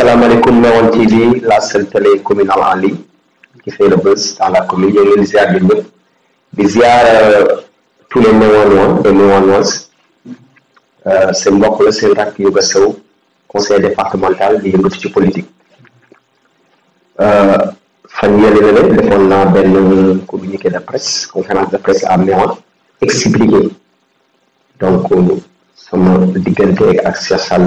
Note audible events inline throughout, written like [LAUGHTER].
salaamaaleykum Meouane TV la seule télé en ligne qui fait le buzz dans la commune ñoo ngi leen di ziar bi ñëpp di ziar euh, tous les Méouanois et Méouanoises euh, seen mbokk la seen rakk Youga Sow conseil départemental di yëngatu ci politique euh, fan yële na ne defoon naa benn communiqué de presse conférence de presse à Méouane expliqué donc sama diggante ak Cheikh Sall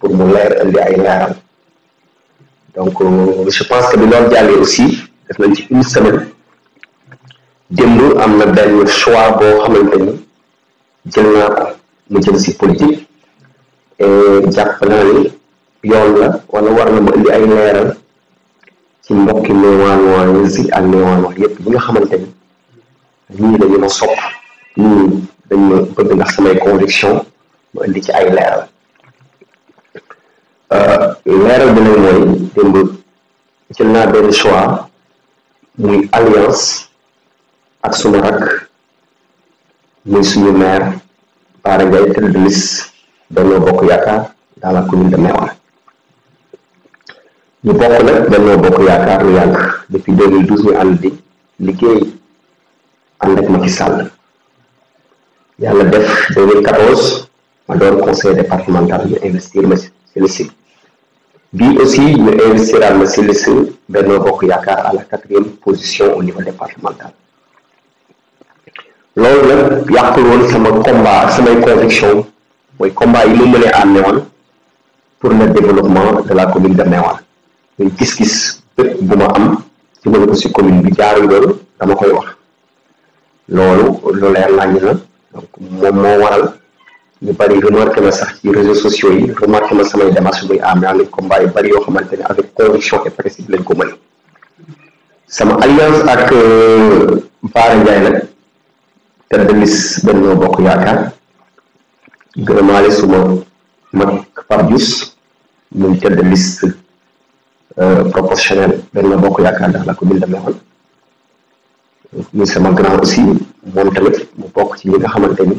pour mu leer indi ay leeral donc euh, je pense que bi loolu jàllee aussi def nañ ci une semaine démb am na benn boo xamante ni jël naa ko mu jëm si politique et jàpp naa ni yoon la wala war na mu indi ay leeral ci mbokki néewaan si ak néewaan waay yépp nga xamante ni ñii dañu ma sopp ñii dañ bëgg ndax samay conviction mu indi ci ay leeral Eh, leeral bi nag mooy démb jël naa benn choix muy alliance ak suma rak muy suñu maire Bara Ndiaye tête de liste Benno Bokk Yaakaar dans la commune de Meouane ñu bokk nag Benno Bokk Yaakaar lu yàgg depuis 2012 ñu ànd di liggéey ànd ak Macky Sall yàlla def 2014 ma doon conseil départemental ñu investir ma ci le site Lui aussi, il investira le CLC Bernard Bokoyakar à la quatrième position au niveau départemental. loolu nag yàqul woon sama combat samay conviction mooy combat yi mu mënee à Méouane pour le développement de la commune de Méouane mais gis-gis bépp bu ma am jëmale ko si commune bi jaarul loolu dama koy wax loolu lu leer laaj na donc moom moo waral ñu bari remarqué na sax ci réseaux sociaux yi remarqué na samay démarche buy am naa ne bari yoo xamante ne avec conviction et principe lañ ko mën sama alliance ak euh, Bara Ndiaye nag te demis benn bokk yaakaar gërëmaale suma mag Pape Diouf muy tête de liste euh, sama grand aussi moom tamit mu bokk ci ñi nga xamante ni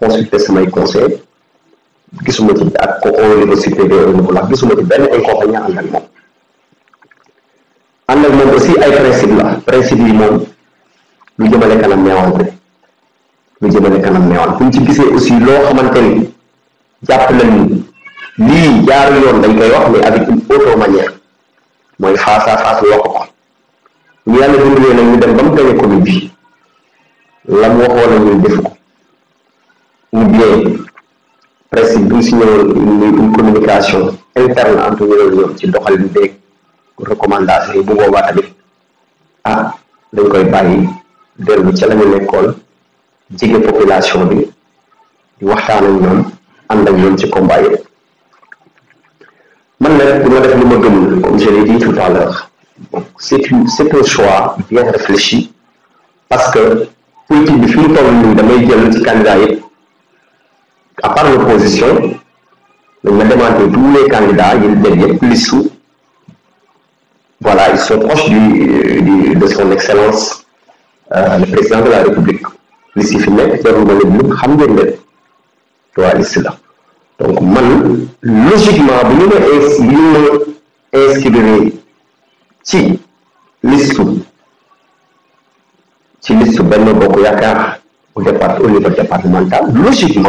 consulter samay conseil gisuma ci ak au niveau supérieur au niveau la gisuma ci benn inconvénient ànd ak moom ànd ak moom aussi ay principe la principe yi moom lu jëmale kanam Méouane lu jëmale kanam Méouane buñ ci gisee aussi loo xamante ni jàpp nañ ni lii jaaru yoon dañ koy wax mais avec une autre manière mooy face à face wax ko ñu yàlla dimbalee nag ñu dem ba mu tege commune bi la mu waxoon nañu def ko ou bien presque une communication interne entre les gens ci ont recommandation yi bu ah dañ l'école bàyyi l'école, de la population bi di waxtaan ak ci combat yi man comme dit tout à l'heure c'est c'est un choix bien réfléchi parce que politique bi fi mu damay jël candidat à part l'opposition, on a tous les candidats, il y a plus Voilà, ils sont proches de son excellence, euh, le président de la République. donc logiquement nous est Si l'issue si ci au départ au niveau départemental logiquement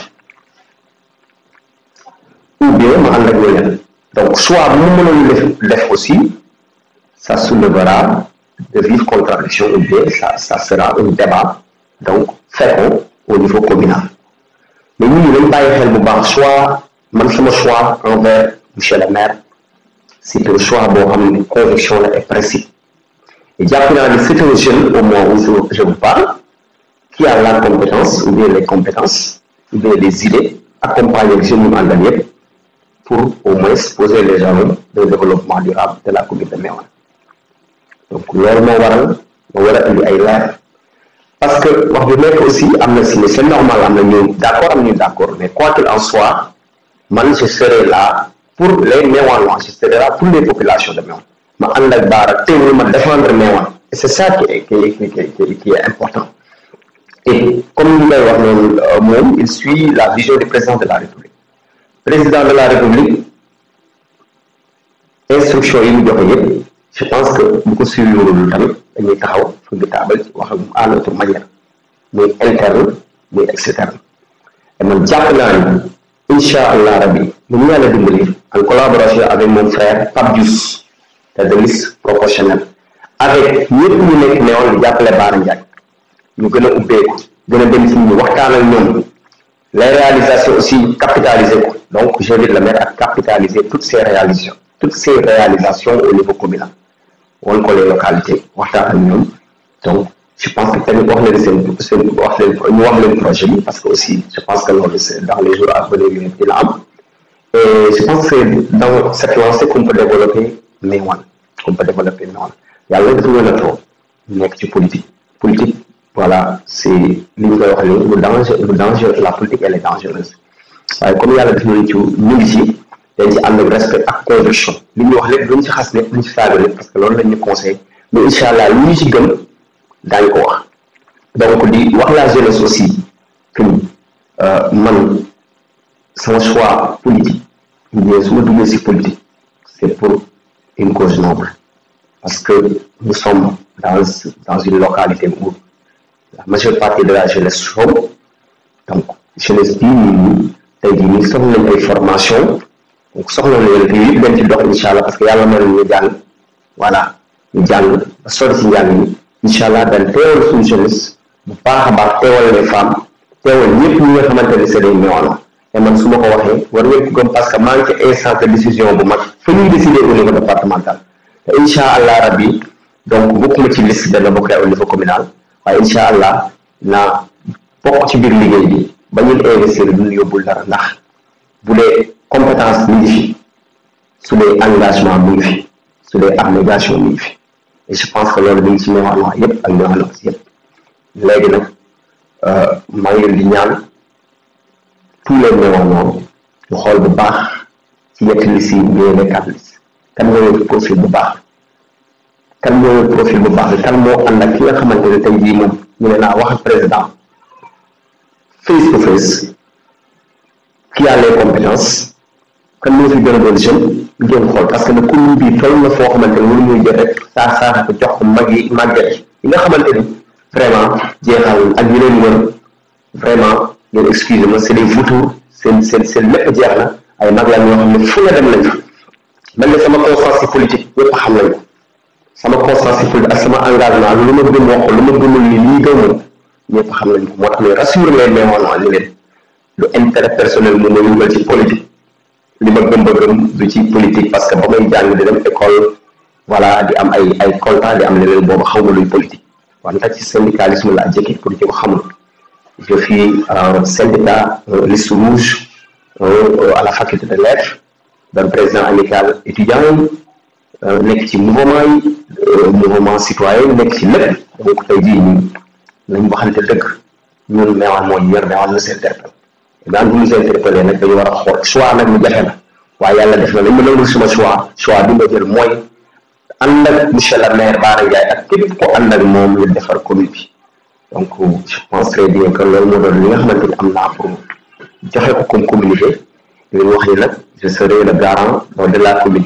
ou bien ma ànd ak donc soit nous mu mënoon def def aussi ça soulevera de vives contradictions ou bien ça sera un débat donc fait au niveau communal mais nous, ñu dañ pas xel bu baax même man sama choix envers M. le maire c'est le choix boo xam une conviction la et principe et jàpp naa ne c'est une jeune au moins, où je vous parle qui a la compétence ou bien les compétences ou bien les idées accompagner jeunes les àndal pour au moins poser les gens au développement durable de la commune de Mewan donc loolu moo waral moo war là ay parce que wax je veux aussi c'est normal am d'accord nous d'accord mais quoi qu'il en soit je serai là pour les Méouanois je serai là pour les populations de Méouane ma ànd ak Baara teewul ma défendre et c'est ça qui est qui qui est important et comme vous may wax euh, il suit la vision du président de la République président de la république instruction yi mu joxe yëpp je pense que bu ko suiviwul tamit dañuy taxaw fëgg taabal wax ak mu à notre manière muy interne muy externe te jàpp naa ni incha allah rabbi mu ñu yàlla dimbali en collaboration avec mon frère Pape Diouf te de liste avec ñëpp ñu nekk newoon di jàppale Baara Ndiaye ñu gën a ubbeeku gën a dem suñu waxtaan ak ñoom les réalisations aussi, capitaliser. Donc, j'invite la maire à capitaliser toutes ces réalisations, toutes ces réalisations au niveau communal. On connaît les localités, on Donc, je pense que nous avons le projet, parce que aussi, je pense que dans les jours à venir, il y a Et je pense que c'est dans cette lancée qu'on peut développer, mais on peut développer, mais Il y a le de trop, mais politique. Politique, voilà c'est li ñu le danger le danger la politique elle est dangereuse waaye euh, comme il y a ci ñu nous ci dañ ci ànd ak respect à conviction li ñu wax lépp duñ ci xas parce que l'on lañ ñu conseil mais incha allah li ñu ci gëm daañu ko wax donc di wax la jeunesse aussi que euh, man sama choix politique mais su ma duggee politique c'est pour une cause noble parce que nous sommes dans dans une localité où la majeure partie de la jeunesse foofu donc jeunesse bii ñun ñii tey jii ñu soxla nañ ay formation soxla nañ lii yëpp dañ ci dox incha allah parce que yàlla mën nañu jàng voilà ñu jàng ba sori si njàng yi incha dañ teewal suñu jeunesse bu baax a baax teewal les femmes teewal ñëpp ñi nga xamante ne c'est des néants te man su ma ko waxee war ngeen ko gëm parce que maa ngi ci instance de décision bu mag fa ñuy décider au niveau te incha allah rabbi donc bokkuma ci liste Benno Bokk au niveau communal. Par incha na naa bokk ci biir liggéey bi ba ñu investir ñu yóbbul dara ndax bu dee compétence su et je pense que loolu mi c'est ci Néewar yëpp ak yëpp euh, tous les noonu ñu bu baax ci nga kan mooy profil bu baax bi kan moo ànd ak ki nga xamante ne tey jii moom ñu ne naa wax ak président face to face qui a les compétences kan moo fi gën a doon jeune ngeen xool parce que ne commune bi toll na foo xamante ne mënu muy jël rek saa saa ko jox ko mag yi màgget yi nga xamante ni vraiment jeexawul ak yeneen wër vraiment ngeen excuse ma c'est des vautours seen seen seen lépp jeex na ay mag la ñoo xam ne fu ne dem nañ fa mel ne sama conscience politique yëpp xam nañ ko sama consensus ak sama engagement lu ma gëm wax lu ma gëm ni lii gëm ñëpp xam nañ ko motax tax rassurer rassuré leen mais woon ñu leen lu intérêt personnel mu ñu yëngal ci politique li ma gëm ba gëm du ci politique parce que ba may jàng di dem école voilà di am ay ay contrat di am leneen boobu xaw ma luy politique wante ci syndicalisme laa jëkkee pour ñu ko xamul je suis syndicat liste rouge à la faculté de lettres d'un président amical étudiant nekk ci mouvement yi mouvement citoyen yi nekk ci lépp donc tey jii ñun nañ waxante dëgg ñun Mewane moo ñu yor Mewane na seen interpelle daan bu ñu seen interpelle nag dañu war a xool choix nag mu jafe la waaye yàlla def na lañ ma nangul sama choix choix bi ma jël mooy ànd ak monsieur le maire Bara Ndiaye ak képp ko ànd ak moom ñu defar commune bi donc je pense très bien que loolu moo doon li nga xamante ni am naa pour joxe ko comme communiqué ñu wax ni nag je serai le garant de la commune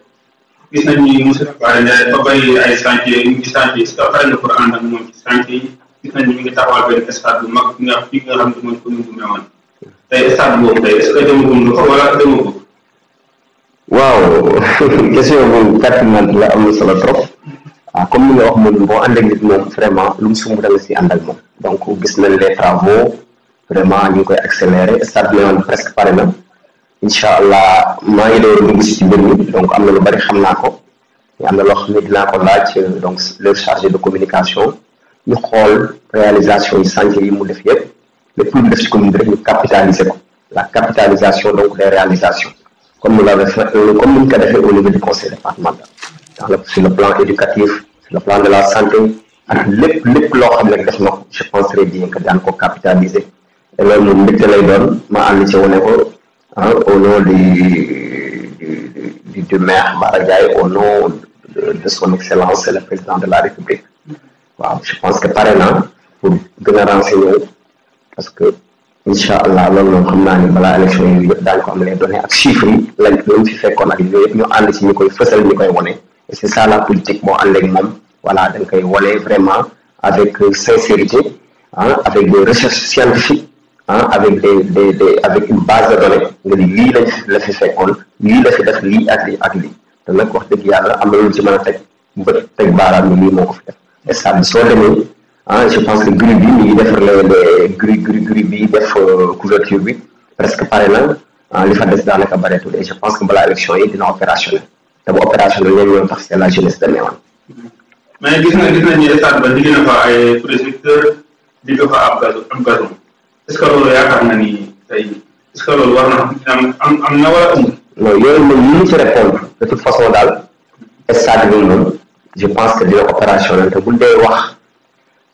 gis nañ ni Moussa Fall dafa bëri ay chantier ñu ngi chantier si pare na pour ànd ak moom ci chantier yi gis nañ ni mi ngi taxawal benn stade bu mag bi nga xam nga xam ne mooy commune bu Mewane tey stade boobu tey est-ce que demagum nga ko wala demagum. waaw [LAUGHS] question bu pertinente la am na solo trop ah comme ni nga wax moom boo ànd ak nit moom vraiment lu mu sumb da nga si àndal moom donc gis nañ les travaux vraiment ñu ngi koy accéléré stade bi Mewane presque pare na. incha allah maa ngi doon dugg si ci mbir mi donc am na lu bari xam naa ko am na loo xam ne dinaa ko laaj donc le chargé de communication ñu xool réalisation yi chantier yi mu def yëpp lépp lu def si commune bi rek ñu capitaliser ko la capitalisation donc des réalisations comme nous l'avons fait euh, comme nous l'avons fait au niveau du conseil départemental dans le sur le plan éducatif sur le plan de la santé ak lépp lépp loo xam ne def na ko je penserais bien que daan ko capitaliser te loolu moom mbégte lay doon ma ànd ci wane ko hein, au nom du, du, du, du maire Maragay au nom de, de son excellence le président de la République. waaw je pense que par là pour donner a renseigner parce que incha allah loolu moom xam naa ni balaa élection yi yëpp ko les données ak chiffres yi lañ lañ fi fekkoon ak yooyu yëpp ñu ànd ci ñu koy fësal ñu koy et c'est ça la politique moi en ak voilà donc nga koy vraiment avec sincérité hein, avec des recherches scientifiques ah avec des des des avec une base de données nga ni lii la si fekkoon lii la si def lii ak lii ak lii te nag wax dëgg yàlla am na lu ci mën a teg bët teg baaraam ni lii moo ko fi def instant bi soo demee ah je pense que gris bi mi ngi defar les gris gris gris bi def euh, couverture bi presque pare na hein, li fa des daanaka tout. et je pense que balaa élection yi dina opérationnel te bu opérationnel ñoom ñoo tax c'est la jeunesse de Meouane. mais gis na gis na ne stade ba liggéey na fa ay projecteurs di ko fa am gazon am gazon. est-ce yaakaar na ni tey est-ce que loolu war na am am am na wala amul. non yooyu moom ñu ci répondre de toute façon daal stade bi moom je pense que dina opérationnel te buñ dee wax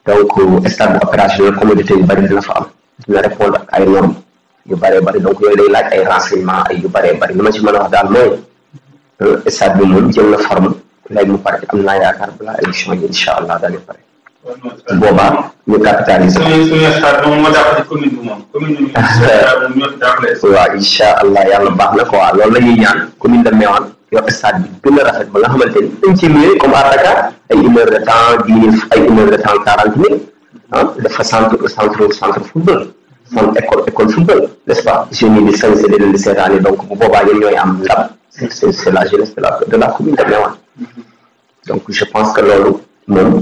donc stade bu opérationnel commodité yu bëri dina fa am dina répondre ak ay normes yu bëree bëri donc yooyu day laaj ay renseignements yu bëree bari li ma ci mën a wax daal mooy euh, stade bi moom jël na forme léegi mu pare am naa yaakaar balaa élection yi incha allah daal di pare. بوبا لو كابيتاليزم وا ان شاء الله يلا باخ نكو لول لا ني يعني. نيان كومين دا ميوان يو استاد بي غنا رافيت بلا خمالتي ان سي مي كوم اتاكا اي امور يعني دو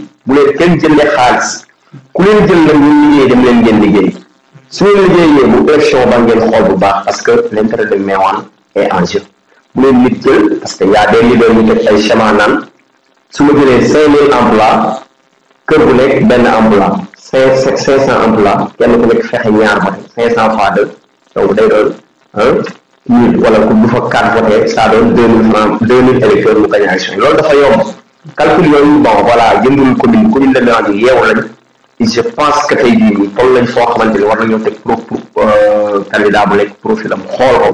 bu leen kenn jënde xaalis ku leen jënd ñu liggéey dem leen ngeen liggéey su leen liggéeyee bu élection ba ngeen xool bu baax parce que l' intérêt de Meouane est en jeu bu leen nit jël parce que y a des leaders ñu teg ay chemin naan su ma jëlee cinq mille emploi kër bu nekk benn emploi cinq cinq cent emploi kenn ku nekk fexe ñaar ba cinq cent fois deux donc day doon un mille wala ku bu fa quatre voté ça doon deux mille francs deux mille électeurs mu gañ élection loolu dafa yomb calcul yooyu bon voilà yëmbul commune commune de Mélange yeewu lañ je pense que tey jii toll lañ foo xamante ni war nañoo teg pro euh, candidat bu nekk profil am xool ko.